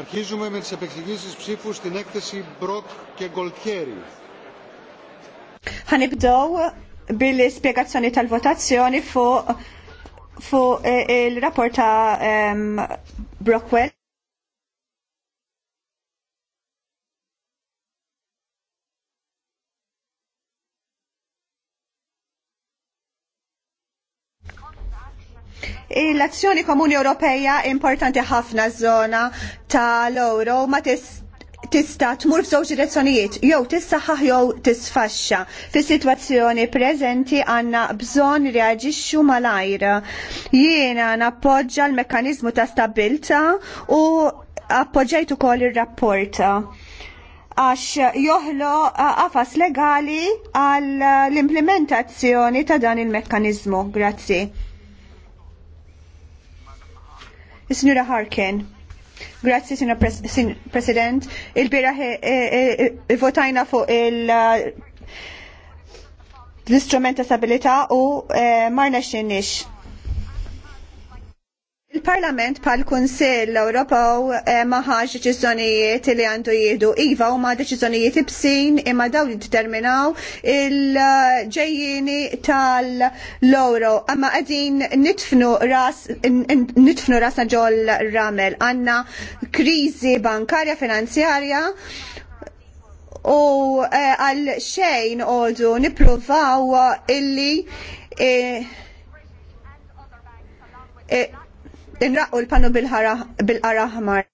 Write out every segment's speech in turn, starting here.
Αρχίζουμε με τις επεξηγήσεις ψήφου στην έκθεση Μπροκ και Γκολτιέρι. Ħanibdow bil-spiegazzjoni tal-votazzjoni fuq fu, eh, il-rapport ta' ehm, Brockwell. l-azzjoni komuni Ewropeja importanti ħafna żona tal-euro ma tista' tmur f'żewġ direzzjonijiet, jew tissaħħaħ jew tisfaxxa. Fis-sitwazzjoni preżenti għandna bżonn reaġixxu malajr. Jiena nappoġġa l-mekkaniżmu ta' stabilta u appoġġejt ukoll ir-rapport għax joħlo qafas legali għall implementazzjoni ta' dan il-mekkanizmu. Grazzi. Signora Harkin, grazie, Grazzi, Sinjura President. Il-biraħ votajna fuq il- uh, l-istrument ta' stabilità u eh, marna xinnix. Il-Parlament pal kunsill Ewropew eh, ma ħaġ deċiżjonijiet li għandu jiedu iva u ma deċiżjonijiet ibsin imma daw li determinaw il-ġejjini tal-loro. Amma qegħdin nitfnu ras nitfnu rasna ġol ramel għandna kriżi bankarja finanzjarja u eh, għal xejn għodu nippruvaw illi eh, inraqqu l-panu bil-qara ħmar.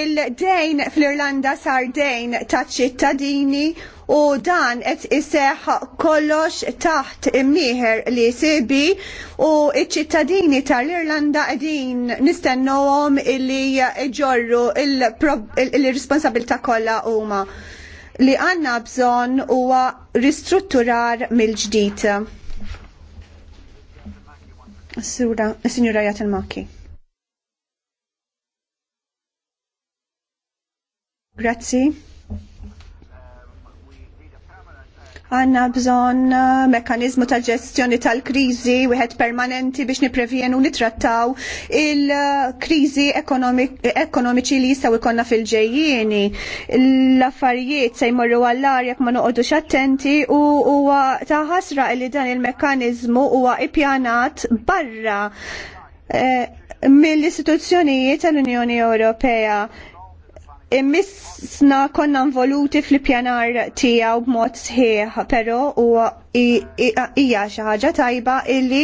Il-dejn fl-Irlanda sar dejn ta' ċittadini u dan qed iseħħ kollox taħt imnieħer li sibi u iċ-ċittadini tal-Irlanda qegħdin nistennuhom illi ġorru il-responsabilità kollha huma li għanna bżon huwa ristrutturar mill-ġdid. Sura, Signora Maki. Grazie. għanna bżon eh, mekanizmu ta' ġestjoni tal-krizi wieħed permanenti biex niprevjenu nitrattaw il-krizi ekonomiċi li jistaw ikonna fil-ġejjieni. L-affarijiet se jmorru għallar jekk ma noqogħdux attenti u huwa ta' ħasra li dan il-mekanizmu huwa ippjanat barra eh, mill-istituzzjonijiet tal-Unjoni Ewropea Immisna konna involuti fl-pjanar tiegħu b'mod sħiħ, però u hija xi ħaġa tajba illi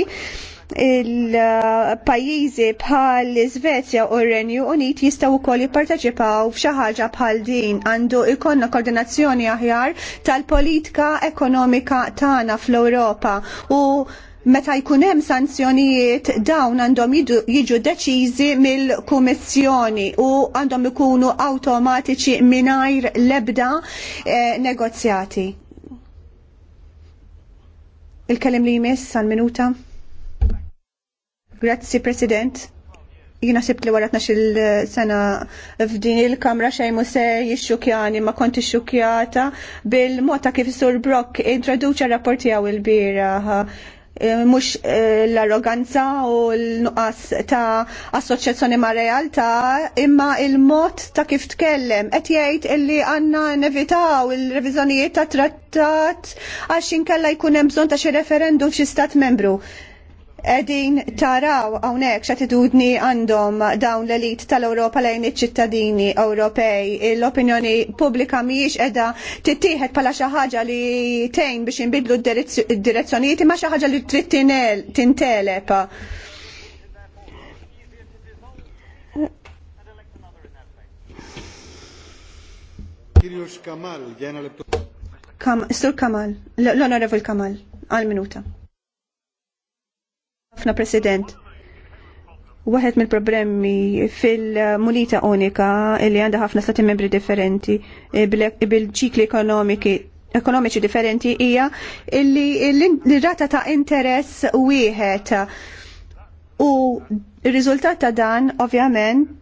il-pajjiżi bħal Svezja u r-Renju Unit jistgħu wkoll jipparteċipaw f'xi ħaġa bħal din għandu jkollna koordinazzjoni aħjar tal-politika ekonomika tagħna fl-Ewropa u meta jkun hemm sanzjonijiet dawn għandhom jiġu deċiżi mill-Kummissjoni u għandhom ikunu awtomatiċi mingħajr l-ebda eh, negozjati. Il-kelim li jmiss għal minuta. Grazzi, President. Jina sibt li waratna il sena f'din il-kamra xej muse jixxukjani ma konti xukjata bil-mota kif Sur Brock introduċa rapporti għaw il-bira Eh, mhux eh, l-arroganza u l-nuqqas ta' assoċjazzjoni ma' realtà, imma il-mod ta' kif tkellem qed jgħid illi għandna nevitaw il-reviżjonijiet ta' trattat għax inkella jkun hemm bżonn ta' xi referendum f'xi stat membru edin taraw għawnek xa tidudni għandhom dawn l-elit tal-Europa lejn iċ-ċittadini Ewropej. L-opinjoni pubblika miex edha tittieħed pala xi ħaġa li tejn biex inbidlu d-direzzjonijiet imma xi ħaġa li trid tintelep. Kirjus Kamal, Sur Kamal, l-Onorevol Kamal, għal-minuta. Ħafna President. Waħed mill-problemi fil-munita unika li għandha ħafna stati membri differenti eh, bil-ċikli ekonomiki ekonomiċi differenti hija li l-rata ta' interess wieħed u r-riżultat ta' dan ovvjament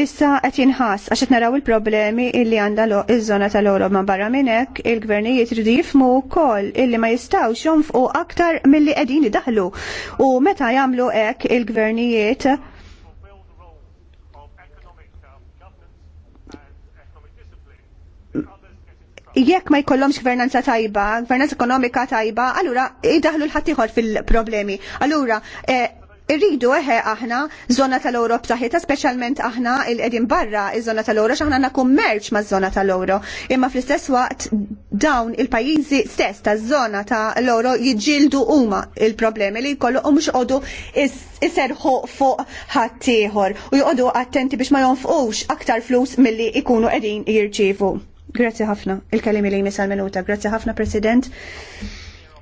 issa qed jinħass għax qed naraw il-problemi illi għandha iż-żona tal-Ewro ma' barra minn hekk il-gvernijiet ridu jifhmu wkoll illi ma jistgħux jonfqu aktar milli qegħdin idaħlu. U meta jagħmlu hekk il-gvernijiet jekk ma jkollhomx gvernanza tajba, gvernanza ekonomika tajba, allura idaħlu l-ħaddieħor fil-problemi. Allura, eh, irridu eħe aħna zona tal oro b'saħħitha, speċjalment aħna il qegħdin barra iż-żona tal-Ewro x'aħna għandna kummerċ maż-żona tal oro Imma fl-istess waqt dawn il-pajjiżi stess taż-żona tal-Ewro jiġġieldu huma il-problemi li jkollhom mhux qogħdu iserħu fuq ħadd ieħor u joqogħdu attenti biex ma jonfqux aktar flus milli ikunu qegħdin jirċievu. Grazzi ħafna. Il-kelimi li jmisal minuta. Grazzi ħafna, President.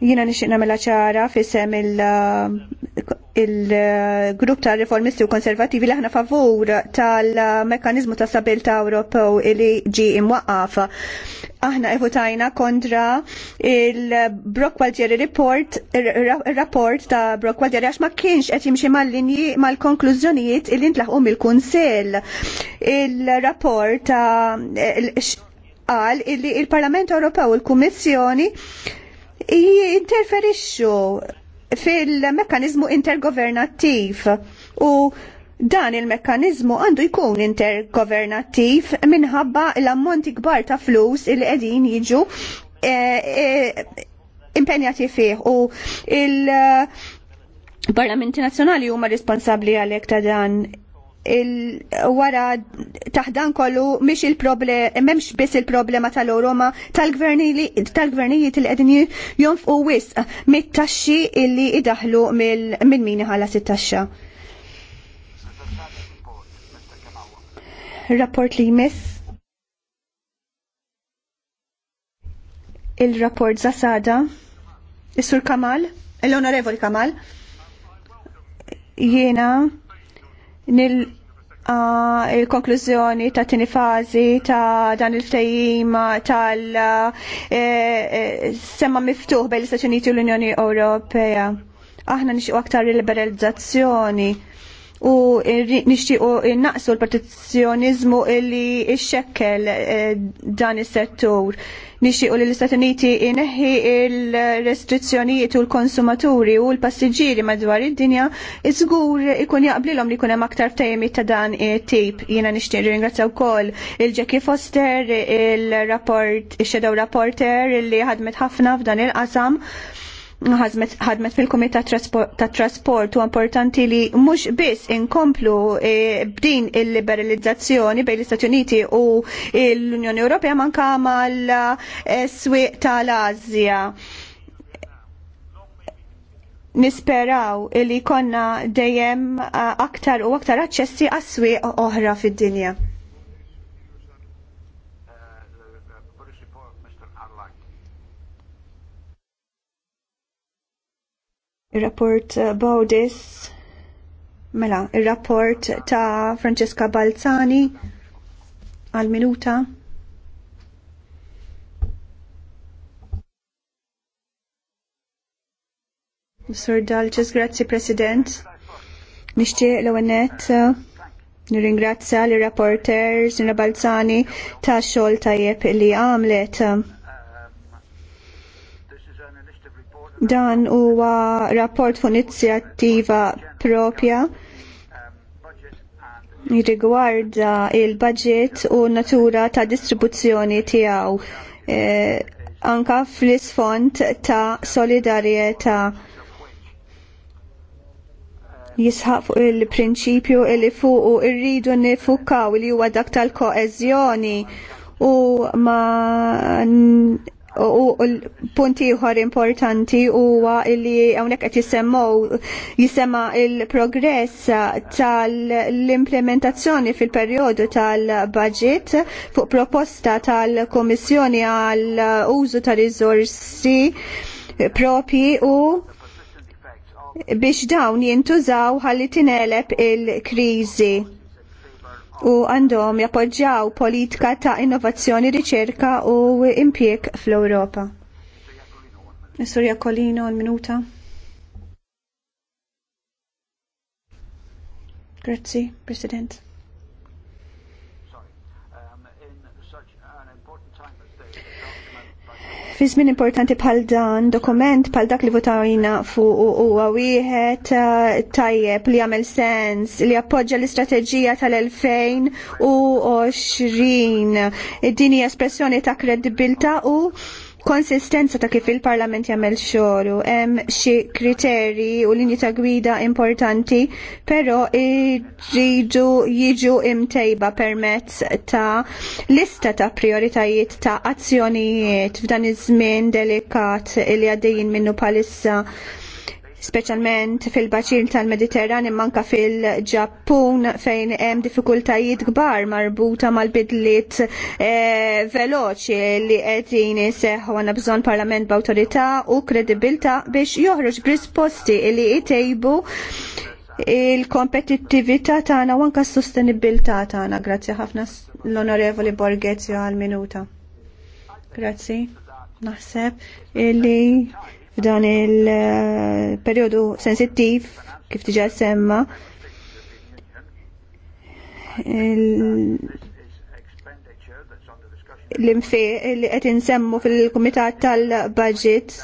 Jina nixtieq nagħmilha ċara fissem uh, il-grupp ta' riformisti u konservativi li aħna favur tal-mekanizmu ta' stabilta' Ewropew li ġi imwaqqaf. Aħna evotajna kontra il-Brockwaldieri report, il-rapport ta' Brockwaldieri għax ma kienx qed jimxi mal-linji mal-konklużjonijiet il intlaħqu mill-Kunsell. Il-rapport ta' qal il-Parlament Ewropew u l-Kummissjoni jinterferixxu fil-mekkanizmu intergovernattiv u dan il-mekkanizmu għandu jkun intergovernattiv minħabba l-ammonti kbar ta' flus il qegħdin jiġu e, e, impenjati fih u il- Parlamenti nazzjonali huma responsabbli għalhekk ta' dan wara taħdan kollu mhix il-problema m'hemmx biss il-problema tal-Oroma tal-gvernijiet tal li qegħdin jonfqu wisq mit-taxxi illi idaħlu minn min ħala sit taxxa Rapport li jmiss. Il-rapport Zasada. Is-Sur Kamal, l-Onorevoli Kamal. Jiena nil il-konklużjoni ta' tini fazi ta' dan il-ftajim tal-semma e, e, miftuħ bejn l-Istati Uniti u l-Unjoni Ewropea. Aħna nixqu aktar liberalizzazzjoni u nixtiequ innaqsu l-protezzjonizmu illi ixxekkel eh, dan is-settur. Nixtiequ li l-Istati Uniti ineħħi il-restrizzjonijiet u l-konsumaturi u l-passiġġieri madwar id-dinja iżgur ikun jaqblilhom li jkun hemm aktar ftehimiet ta' dan tip. Jiena nixtieq ringrazzja wkoll il-Jackie Foster, il-rapport, il-Shadow Rapporter illi ħadmet ħafna f'dan il-qasam. il qasam ħadmet fil-Komitat ta' Trasport u importanti li mhux biss inkomplu e, b'din il-liberalizzazzjoni bejn l-Istati Uniti u l-Unjoni Ewropea manka mal-swieq tal-Azja nisperaw li konna dejjem aktar u aktar aċċessi għas-swieq oħra fid-dinja. il-rapport uh, Baudis, mela, il-rapport ta' Francesca Balzani għal-minuta. Sur Dalċis, grazzi President. Nishtiq l għennet uh, nirringrazzja l-rapporters, Balzani ta' xol tajjeb li għamlet. Dan huwa rapport fuq inizjattiva propja riguarda il-budget u natura ta' distribuzzjoni tiegħu eh, anka fl-isfond ta' solidarjetà jisħaq fuq il-prinċipju li fuq u irridu nifukaw li huwa dak tal-koeżjoni u ma u l-punti ieħor importanti huwa li hawnhekk qed jisemmaw jisema il-progress tal-implementazzjoni fil-perjodu tal-budget fuq proposta tal-Komissjoni għal użu tal rizorsi propi u biex dawn jintużaw ħalli tinelep il-kriżi u għandhom jappoġġjaw politika ta' innovazzjoni, riċerka u impjek fl-Ewropa. Surja Kolino, minuta. Grazzi, President. Fi żmien importanti bħal dan, dokument bħal dak li votajna fuq huwa wieħed uh, tajjeb li jagħmel sens li appoġġa l-istrateġija tal-2020. Din hija espressjoni ta' kredibilta u konsistenza ta' kif il-Parlament jagħmel xogħlu hemm xi kriterji u linji ta' gwida importanti, però jiġu jiġu imtejba permezz ta' lista ta' prioritajiet ta' azzjonijiet f'dan iż-żmien delikat li għaddejjin minnu palissa speċjalment fil-baċin tal-Mediterran manka fil-Ġappun fejn hemm diffikultajiet kbar marbuta mal-bidliet eh, veloċi li qegħdin iseħħu għandna bżonn parlament b'awtorità u kredibilità biex joħroġ b'risposti li jtejbu il-kompetittività tagħna u anke s-sostenibilità tagħna. Grazzi ħafna l-Onorevoli Borghezio għal-minuta. Grazzi naħseb li f'dan il-periodu sensittiv kif tiġa semma l-infi li qed insemmu fil-Kumitat tal-Budget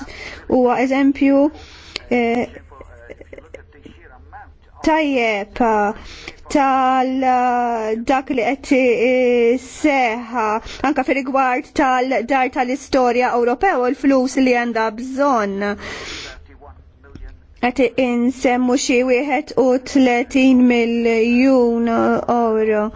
huwa eżempju eh, tajjeb tal dak li qed seħħa anka fir rigward tal-dar tal-istorja Ewropew u l-flus li għandha bżonn. Qed insemmu xi wieħed u tletin miljun euro.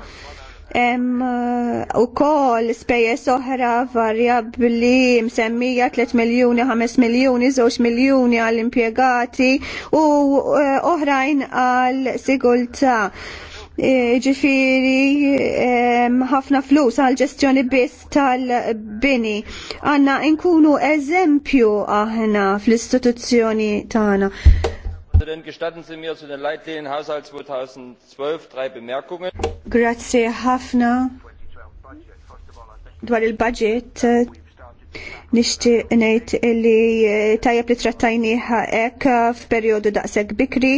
Hemm uh, ukoll spejjeż oħra varjabbli msemmija 3 miljuni, 5 miljuni, żewġ miljuni għall impjegati u uh, oħrajn għal sigurtà E, ġifiri e, ħafna flus għal ġestjoni biss tal-bini. Għanna inkunu eżempju aħna fl-istituzzjoni tagħna. Präsident, gestatten Sie mir zu den Leitlinien Haushalt 2012 drei Bemerkungen. Grazie Hafner. dwar il-budget nishti nejt illi e, tajab li trattajni ha hekk f'perjodu daqseg bikri.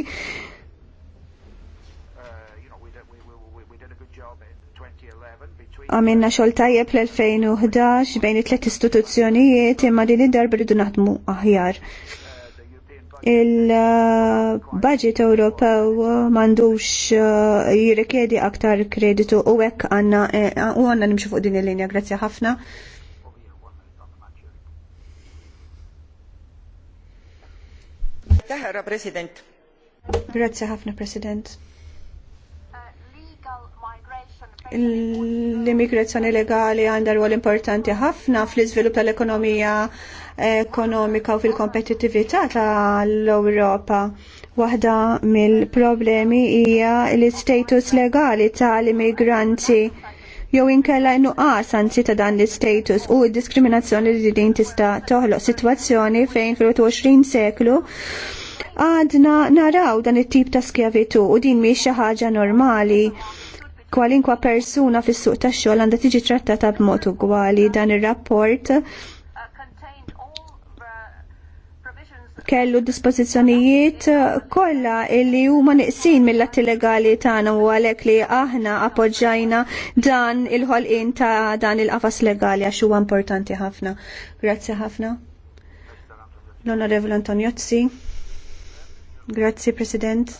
Għamilna xogħol tajjeb l-2011 bejn it-tliet istituzzjonijiet imma din id-darba rridu naħdmu aħjar. Il-budget Ewropew m'għandux eh, jirrikjedi aktar kreditu u hekk għanna eh, u għandna nimxu fuq din il-linja, grazzi ħafna. Grazzi ħafna President. L-immigrazzjoni legali għandha rwol importanti ħafna fl-iżvilupp tal-ekonomija eh, ekonomika u fil-kompetittività tal-Ewropa. Waħda mill-problemi hija l-istatus legali tal-immigranti jew inkella nuqqas anzi ta' dan l-istatus u d-diskriminazzjoni li din tista' toħloq sitwazzjoni fejn fil-21 seklu għadna naraw dan it-tip ta' skjavitu u din mhix xi ħaġa normali kwalinkwa persuna fis-suq tax-xogħol għandha tiġi trattata b'mod ugwali dan ir-rapport kellu dispożizzjonijiet kollha li huma niqsin mill-atti legali tagħna u għalhekk li aħna appoġġajna dan il-ħolqien ta' dan il-qafas legali għax huwa importanti ħafna. Grazzi ħafna. L-Onorevole Antoniozzi. Grazzi President.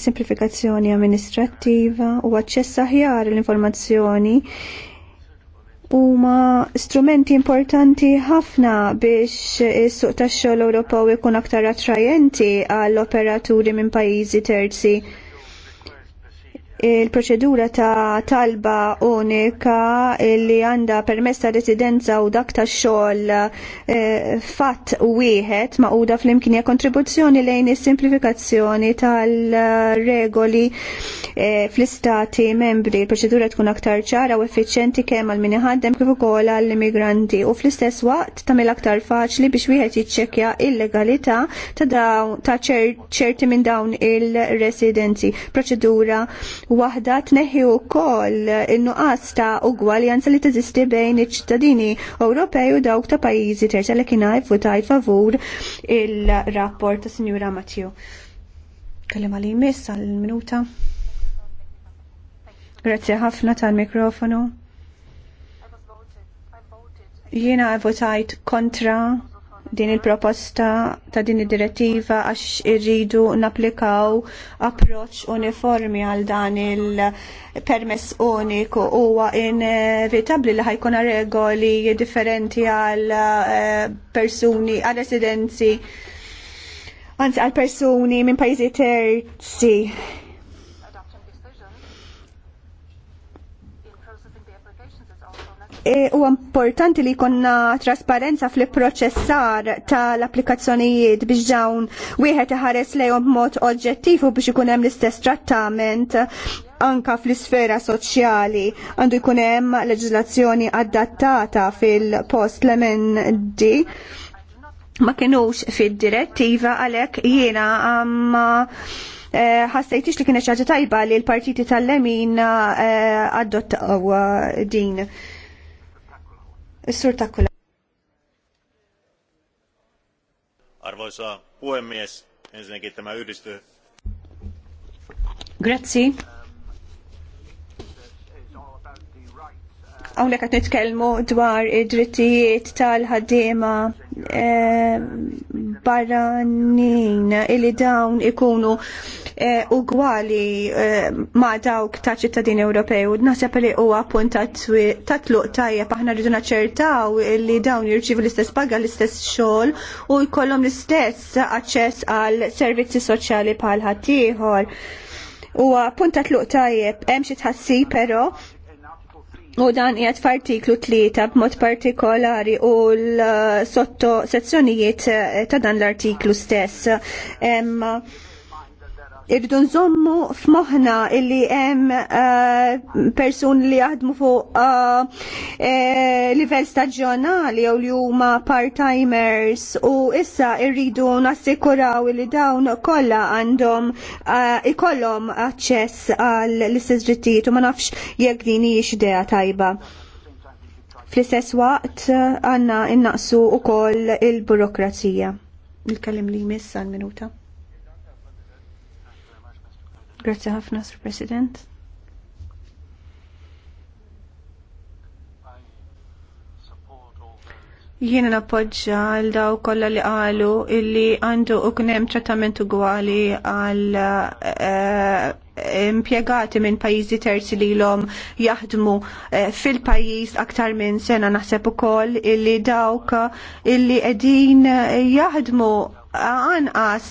simplifikazzjoni amministrattiva u aċċess aħjar l-informazzjoni huma strumenti importanti ħafna biex is-suq tax-xogħol Ewropew ikun aktar attrajenti għall operaturi minn pajjiżi terzi il-proċedura ta' talba unika li għanda permess ta' residenza u dak ta' xogħol fatt eh, fatt wieħed maquda fl-imkien hija kontribuzzjoni lejn is-simplifikazzjoni tal-regoli eh, fl-istati membri. Il-proċedura tkun aktar ċara u effiċjenti kemm għal min iħaddem kif ukoll għall-immigranti u fl-istess waqt tagħmel aktar faċli biex wieħed jiċċekkja il-legalità ta' ċerti minn dawn il-residenzi. Proċedura waħda tneħħi wkoll in u ta' ugwaljanza li teżisti bejn iċ-ċittadini Ewropej u dawk ta' pajjiżi terza li kien ta' favur il-rapport ta' Sinjura Matthew. Kellem għal jmiss għal-minuta. Grazie ħafna tal-mikrofonu. Jiena votajt kontra din il-proposta ta' din id-direttiva għax irridu naplikaw approċ uniformi għal dan il-permess uniku huwa inevitabli li ħajkun regoli differenti għal eh, persuni għal residenzi anzi għal persuni minn pajjiżi terzi E, u importanti li konna trasparenza fil-proċessar tal-applikazzjonijiet biex dawn wieħed iħares lejhom b'mod oġġettiv u biex ikun hemm l-istess trattament anka fl-isfera soċjali għandu jkun hemm leġiżlazzjoni adattata fil-post l-emendi ma kienux fid-direttiva għalhekk jiena għamma e, ħassejtix li kienet xaġa tajba li l-partiti tal-lemin e, adottaw din Is-sur Takkula. Arvoisa puhemies, ensinnäkin tämä yhdistyy. Grazie. Hawnhekk qed nitkellmu dwar id-drittijiet tal-ħaddiema eh, barranin illi dawn ikunu eh, ugwali eh, ma' dawk ta' ċittadini Ewropej u naħseb li huwa punt ta' tluq tajjeb aħna rridu naċċertaw li dawn jirċivu l-istess paga l-istess xogħol u jkollhom l-istess aċċess għal servizzi soċjali bħal ħaddieħor. Huwa punta ta' tluq tajjeb hemm xi tħassi però U dan jgħat f'artiklu tlieta b'mod partikolari u l-sotto sezzjonijiet eh, ta' dan l-artiklu stess. Em, irridu nżommu f'moħħna illi hemm uh, persuni li jaħdmu fuq uh, livell staġjonali jew li huma part-timers u issa rridu nassikuraw li dawn kollha għandhom uh, ikollhom aċċess għall istess drittijiet u ma nafx jekk din hijiex idea tajba fl-istess waqt għanna innaqsu u koll il-burokrazija. il li jmiss għal minuta. Grazie ħafna, Sir President. Jiena nappoġġa għal daw kollha li qalu illi għandu uknem trattament ugwali għal eh, impjegati minn pajjiżi terzi li l-om jaħdmu eh, fil-pajjiż aktar minn sena naħseb ukoll illi dawk illi qegħdin jaħdmu anqas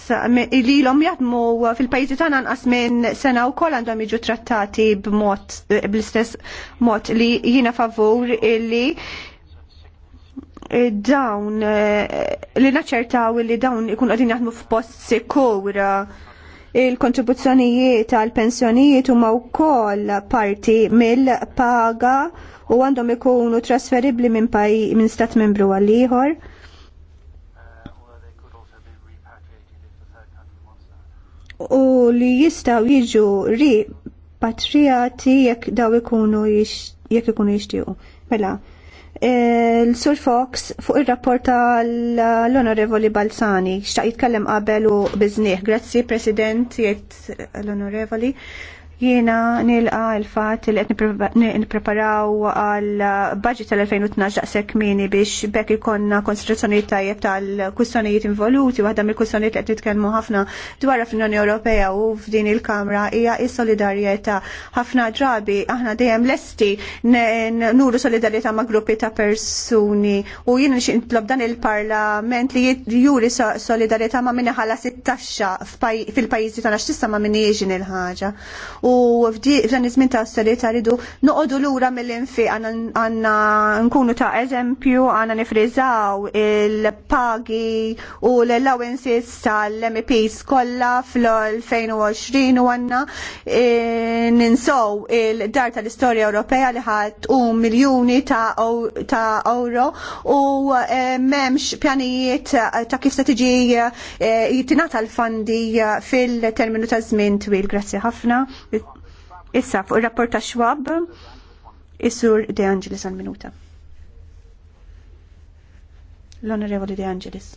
li l-om jadmu fil-pajzi tan anqas minn sena u kol għandhom jiġu trattati b'mod, bl-istess mod li jina favur illi dawn eh, li naċċertaw li dawn ikun għadin jaħdmu f'post sekura il-kontribuzzjonijiet għal pensjonijiet huma wkoll parti mill-paga u għandhom ikunu trasferibbli minn stat membru għal ieħor u li jistaw jiġu ri patriati jekk daw ikunu jekk ikunu jixtiequ. Mela, e, l-Sur Fox fuq il-rapport tal-Onorevoli Balzani, xtaq jitkellem qabel u biżnieh. Grazzi, President, jgħid l-Onorevoli. Jiena nilqa il-fat li qed nippreparaw għal budget tal-2012 daqshekk mini biex bekk ikonna konsentrazzjoni tajjeb tal-kwistjonijiet involuti waħda mill-kwistjonijiet li qed nitkellmu ħafna dwar fl-Unjoni Ewropea u f'din il-Kamra hija s-solidarjetà. Ħafna drabi aħna dejjem lesti nuru solidarjetà ma' gruppi ta' persuni u jiena nix intlob dan il-Parlament li juri solidarjetà ma' minni ħala 16 fil-pajjiżi tagħna x'tista' ma' minni jiġi il-ħaġa u f'dan iż-żmien ta' austerità ridu noqogħdu lura mill-infi għandna nkunu ta' eżempju għandna nifriżaw il-pagi u l-allowances tal-MPs kollha fl-2020 u għandna e, ninsow il-dar tal-istorja Ewropea li ħadd u miljuni ta' euro u e, m'hemmx pjanijiet ta' kif se tiġi e, jitinata l-fandi fil-terminu ta' żmien twil. Grazzi ħafna. Issa fuq il rapport ta' Schwab, is De Angelis għal minuta. L-Onorevoli De Angelis.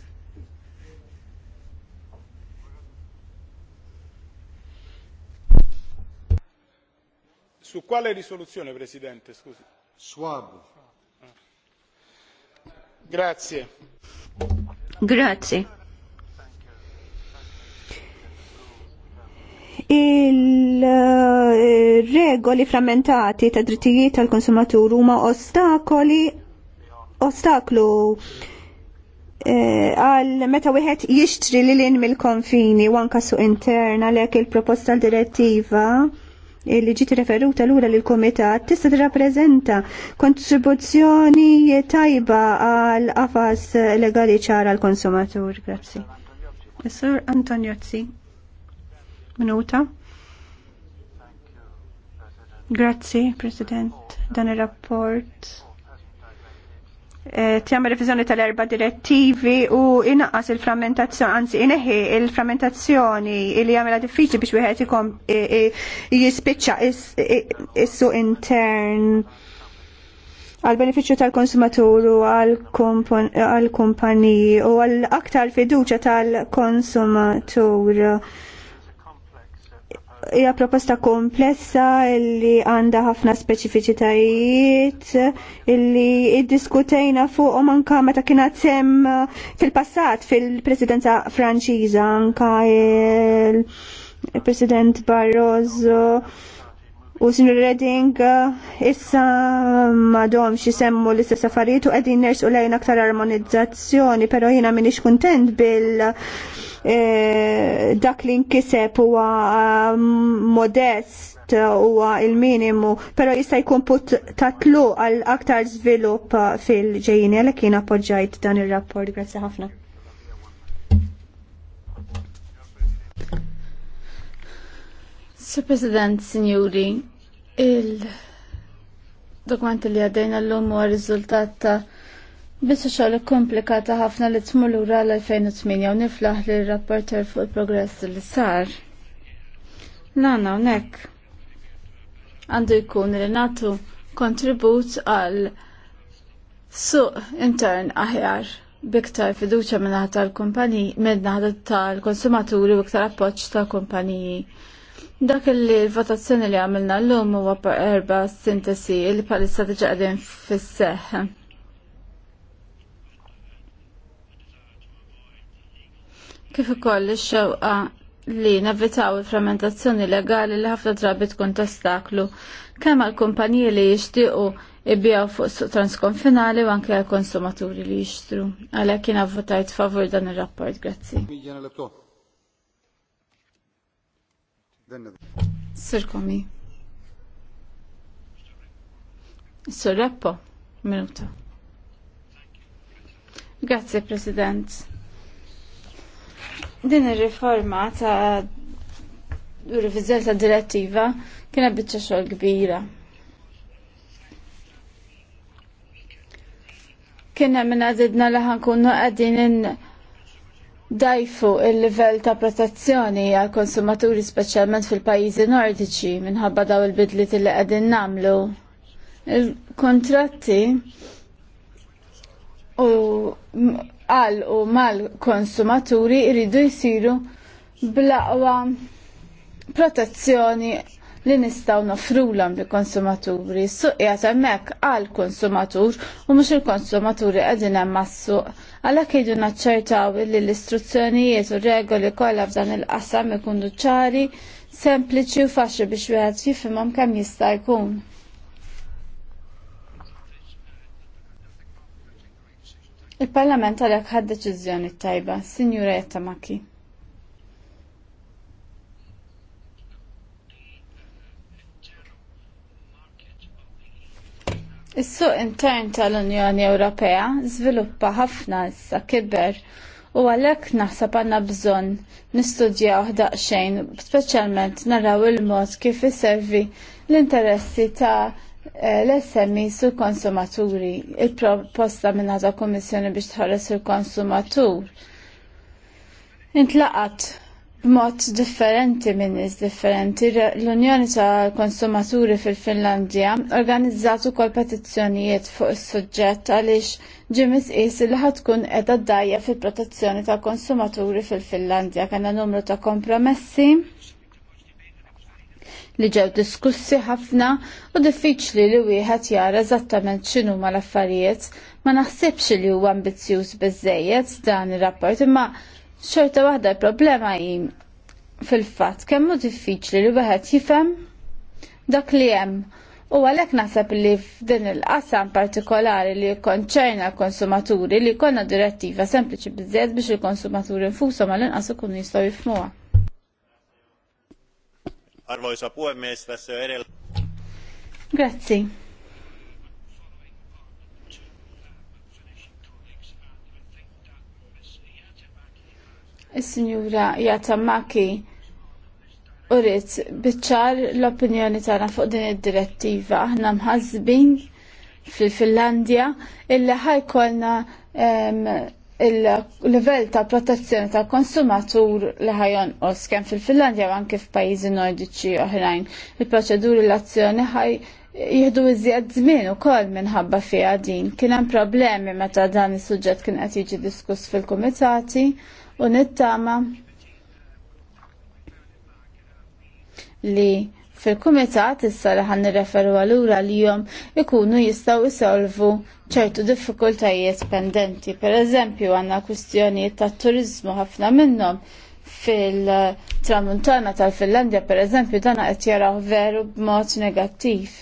Su quale risoluzione, Presidente? Scusi. Schwab. Ah. Grazie. Grazie il-regoli frammentati ta' drittijiet tal-konsumatur huma ostakoli ostaklu eh, għal meta wieħed jixtri li lin mill-konfini u anka su interna lek il-proposta direttiva li ġiet referuta lura lil komitat tista' tirrappreżenta kontribuzzjoni tajba għal qafas legali ċara l konsumatur Grazzi. Sur Antoniozzi. Minuta. Grazzi, President. Dan il-rapport e, tjam revizjoni tal-erba direttivi u inaqqas il-frammentazzjoni, anzi ineħi il-frammentazzjoni li għamela diffiċi biex wieħed ikom jispiċċa issu intern għal beneficju tal-konsumatur u għal kumpaniji u għal aktar fiduċa tal-konsumatur hija proposta komplessa illi għandha ħafna speċifiċitajiet illi iddiskutejna fuq u manka meta kien sem fil-passat fil-presidenza Franċiża anka il-President Barroso u Sinur Redding issa madom xi semmu l-istess affarijiet u qegħdin nersu lejn aktar armonizzazzjoni, però jiena m'iniex kuntent bil- E, dak li nkiseb huwa mm, modest huwa il-minimu, però jista' jkun put tatlu għal aktar żvilupp fil-ġejjini għalhekk jien appoġġajt dan ir-rapport. Grazzi ħafna. Sir President, Signori, il-dokument li għaddejna l-lum huwa riżultat ta' Bissu xogħol komplikata ħafna li tmur lura l-2008 u niflaħ li rapporter fuq il-progress li sar. Nana hawnhekk għandu jkun li nagħtu kontribut għal suq intern aħjar biktar fiduċa minn tal-kumpaniji, minn tal-konsumaturi u iktar appoġġ tal-kumpaniji. Dak li l-votazzjoni li għamilna l-lum huwa erba sintesi li palissa t qegħdin fis-seħħ kif ukoll ix-xewqa li nevitaw il-frammentazzjoni legali li ħafna drabi tkun tostaklu kemm għall kumpaniji li jixtiequ ibbijaw fuq suq transkonfinali u anke għall konsumaturi li jixtru. Għalhekk kien avvotajt favur dan ir-rapport, grazzi. Komi. Sir Reppo, minuta. Grazie, President. Din ir-riforma ta' revizjoni ta' direttiva kienet biċċa xogħol kbira. Kien hemm għadidna li ħankunu qegħdin dajfu il-livell ta' protezzjoni għal konsumaturi speċjalment fil-pajjiżi nordiċi minħabba daw il-bidliet li qegħdin nagħmlu. Il-kontratti u għal u mal-konsumaturi jridu jisiru blaqwa protezzjoni li nistaw nofrulam li konsumaturi. Suq jgħat emmek għal konsumatur u mux il-konsumaturi għedin suq Għalla kħidu naċċertaw li l-istruzzjonijiet u regoli kollha f'dan il-qasam ikunu ċari, sempliċi u faċli biex wieħed jifhimhom kemm jista' jkun. Il-Parlament għalek ħad deċiżjoni tajba, Sinjura Jetta Maki. Is-suq intern tal-Unjoni Ewropea żviluppa ħafna issa kiber u għalhekk naħseb għandna bżonn nistudja daqsxejn, speċjalment naraw il-mod kif iservi l-interessi ta' Eh, l-SMI sul konsumaturi il-proposta minna ta' kommissjoni biex tħares il-konsumatur intlaqat b'mod differenti minn nies differenti. L-Unjoni ta' konsumaturi fil-Finlandja organizzatu kol petizzjonijiet fuq is-suġġett għaliex ġimis is li ħatkun edha d-dajja fil-protezzjoni ta' konsumaturi fil-Finlandja. Kanna numru ta' kompromessi li ġew diskussi ħafna u diffiċli li wieħed jara eżattament x'inhu ma l-affarijiet. Ma naħsibx li huwa ambizzjuż biżejjed dan ir-rapport imma xorta waħda l-problema hi fil-fatt kemm hu diffiċli li wieħed jifhem dak li hemm. U għalhekk naħseb li f'din il-qasam partikolari li konċerna l-konsumaturi li konna direttiva sempliċi bizzejt biex il-konsumaturi nfushom għal inqas ikunu jistgħu jifhmuha. Arvoisa puhemies, tässä on edellä. Grazie. Is-Sinjura Jatamaki urrit biċċar l-opinjoni tagħna fuq din id-direttiva. Aħna mħazbin fil-Finlandja illi ħajkolna il-level ta' protezzjoni ta' konsumatur li ħajon os kemm fil-Finlandja u anke f'pajjiżi nordiċi oħrajn. Il-proċeduri l-azzjoni ħaj jihdu iżjed żmien ukoll minħabba fiha din. Kien hemm problemi meta dan is-suġġett kien qed jiġi diskuss fil-kumitati u nittama li fil-kumitat issa li ħan nirreferu għalura li jom ikunu jistaw isolvu ċertu diffikultajiet pendenti. Per eżempju, għanna kustjoni ta' turizmu ħafna minnom fil-tramuntana tal-Finlandja, per eżempju, dana qed jaraw veru b'mod negattiv.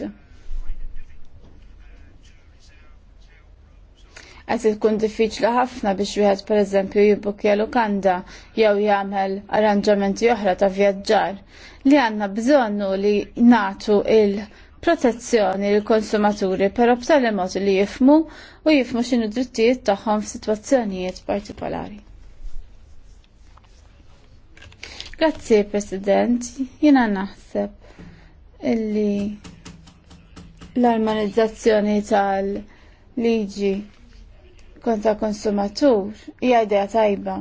Qed ikun diffiċli ħafna biex wieħed pereżempju jibbukja lukanda jew jagħmel arranġamenti oħra ta' vjaġġar li għanna bżonnu li natu il-protezzjoni l-konsumaturi, pero b'tali mod li jifmu u jifmu xinu drittijiet tagħhom f'sitwazzjonijiet partikolari. Grazzi, President. Jina naħseb illi l-armonizzazzjoni tal-liġi kontra konsumatur hija idea tajba.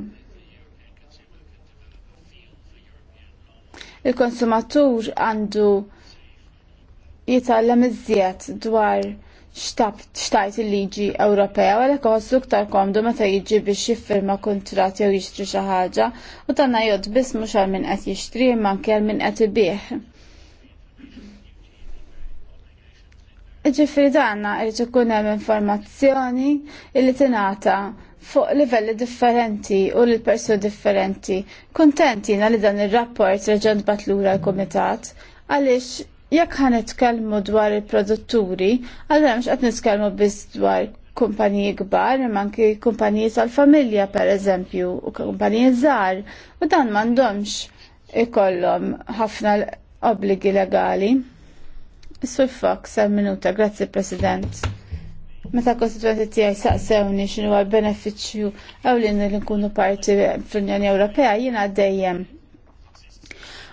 il-konsumatur għandu jitallem iżjed dwar xtajt il-liġi Ewropea u għalhekk għossu ktar komdu meta jiġi biex jiffirma kuntratt jew jixtri xi ħaġa u tanna jgħod biss mhux għal min qed jixtri imma anke għal min qed ibih. Ġifiri danna irġi kunem hemm informazzjoni illi tingħata fuq livelli differenti u l persuni differenti. Kontentina li dan ir-rapport reġend batlura l-Kumitat għaliex jekk ħan nitkellmu dwar il-produtturi, għallura mhux qed nitkellmu biss dwar kumpaniji kbar, imma anki kumpaniji tal-familja pereżempju u kumpaniji żgħar, u dan m'għandhomx ikollhom ħafna obbligi legali. Sur Fox, għal minuta, grazzi President. Meta konstituenti tiegħi saqsewni x'inhu l benefiċċju ewlin li nkunu parti fl-Unjoni Ewropea jiena dejjem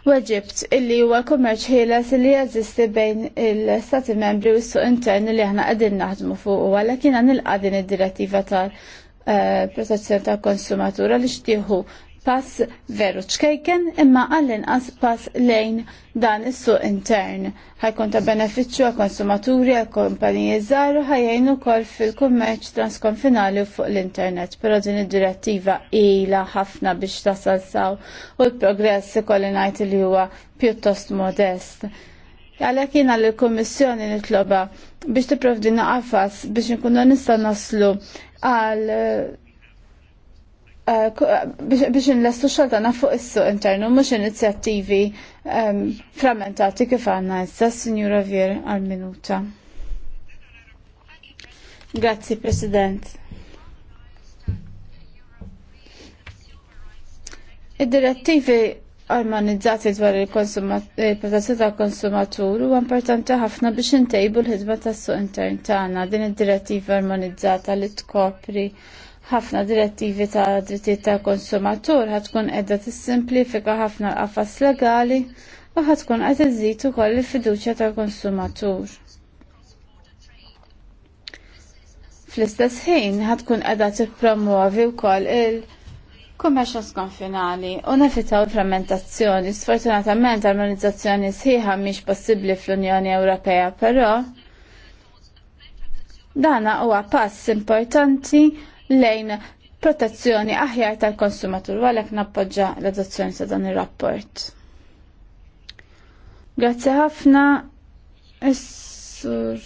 Weġibt illi huwa l-kummerċ ħieles li jeżisti bejn il-Stati membri u s-suq intern li aħna qegħdin naħdmu fuq u għalhekk jiena nilqa' din id-direttiva tal eh, protezzjoni tal-konsumatura li xtieħu pass veru ċkejken imma għall-inqas pass lejn dan is-suq intern. Ħajkun ta' benefiċċju għal konsumaturi, għal kompaniji żgħar u ħajjejn fil-kummerċ transkonfinali fuq l-internet, però din id-direttiva ilha ħafna biex tasal saw u l-progress ikolli ngħid li huwa pjuttost modest għalek jina l-Komissjoni nitloba biex tipprovdina għafas biex nkunu nista' naslu għal biex nlestu xaltana fuq issu internu mhux inizjattivi ehm, frammentati kif għandna issa Signora Vier għal-minuta. Grazzi President. Id-direttivi armonizzati dwar il-protezzjoni tal-konsumatur huwa importanti ħafna biex intejbu l-ħidma tas-suq intern tagħna din id-direttiva armonizzata li tkopri ħafna direttivi ta' drittijiet ta' konsumatur ħatkun edda tissimplifika ħafna l-qafas legali u ħatkun qed iżid ukoll il-fiduċja tal-konsumatur. Fl-istess ħin ħatkun qiegħda tippromuovi wkoll il-kummerċ skonfinali u nefitaw frammentazzjoni. Sfortunatament armonizzazzjoni sħiħa mhix possibbli fl-Unjoni Ewropea, però dana huwa pass importanti lejn protezzjoni aħjar tal-konsumatur għalhekk nappoġġa l-adozzjoni ta' dan ir-rapport. Grazzi ħafna Sur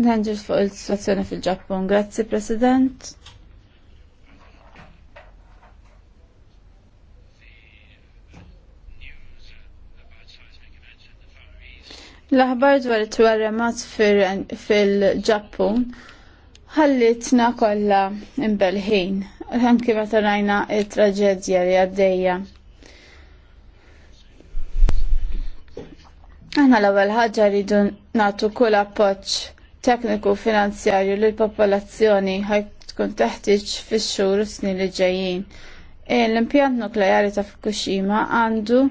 Nħanġir fuq il-situazzjoni fil-ġappun. Grazzi, President. L-aħbar dwar it-twerremat fil-ġappun ħallitna kollha imbelħin, anki meta rajna il traġedja li għaddejja. Aħna l-ewwel ħaġa rridu nagħtu kull appoġġ tekniku finanzjarju li l-popolazzjoni tkun teħtieġ fix-xhur u snin li ġejjin. L-impjant nukleari ta' Fukushima għandu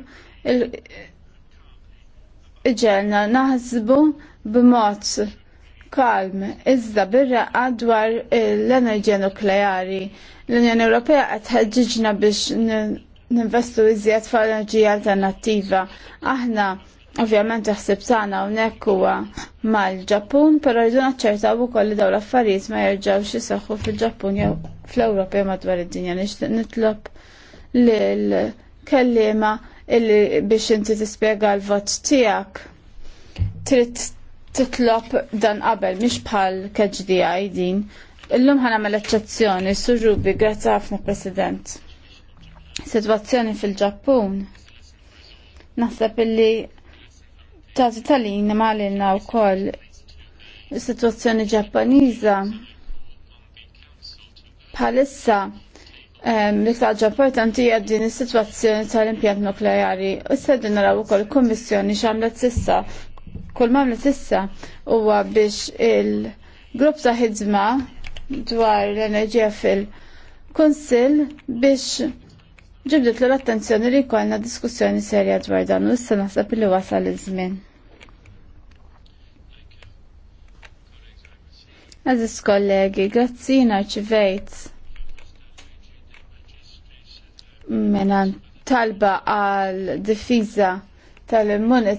il-ġelna naħsbu b'mod kalm iżda birra dwar l-enerġija nukleari. L-Unjoni Ewropea qed ħeġġiġna biex ninvestu iżjed fl-enerġija alternattiva. Aħna ovvjament taħseb tagħna hawnhekk huwa mal-Ġappun, però rridu naċċertaw ukoll li dawn l-affarijiet ma jerġgħux jisaħħu fil-Ġappun jew fl-Ewropa madwar id-dinja nixtieq nitlob lil kellima biex inti tispjega l-vot tiegħek. Trid titlob dan qabel mhix bħal KGDI din. Illum ħana mal eċċezzjoni Surubi, grazzi ħafna President. Sitwazzjoni fil-Ġappun. Naħseb illi tagħti tal-lin malilna wkoll is-sitwazzjoni ġappaniza bħalissa ehm, L-iktar importanti hija din is-sitwazzjoni tal-impjant nukleari. Issa din naraw ukoll kummissjoni xamlet sissa kull mamna tissa huwa biex il-grupp ta' ħidma dwar l-enerġija fil-Kunsill biex ġibdet l-attenzjoni li kolna diskussjoni serja dwar dan u issa naħseb li wasal iż-żmien. Aziz kollegi, grazzina Ċivejt. menan talba għal difiża tal immunit